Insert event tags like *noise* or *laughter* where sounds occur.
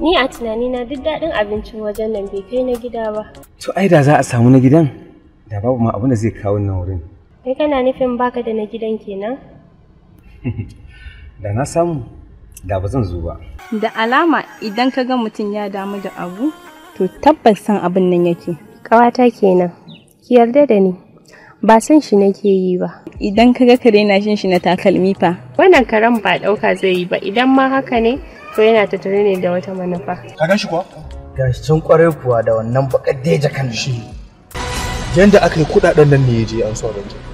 Ni a tunanina duk daɗin abincin wajen nan bai kai na gida ba. To ai da za a samu na gidan da babu ma abin da zai kawo nan wurin. Kai kana nufin baka da na gidan kenan? *laughs* da na samu da ba zan zo ba. Da alama idan ka ga mutum ya damu da abu to tabbas san abin nan yake. Kawata kenan. Ki yarda da ni. Ba san shi nake yi ba. Idan ka ga kare na shin shi na takalmi fa. Wannan karen ba ɗauka zai yi ba idan ma haka ne ko yana tattare ne da wata manufa. Ka gan shi kuwa? Ga shi kuwa da wannan bakar da ya jakan shi. Yanda aka yi kuɗaɗen nan ne ya je an so da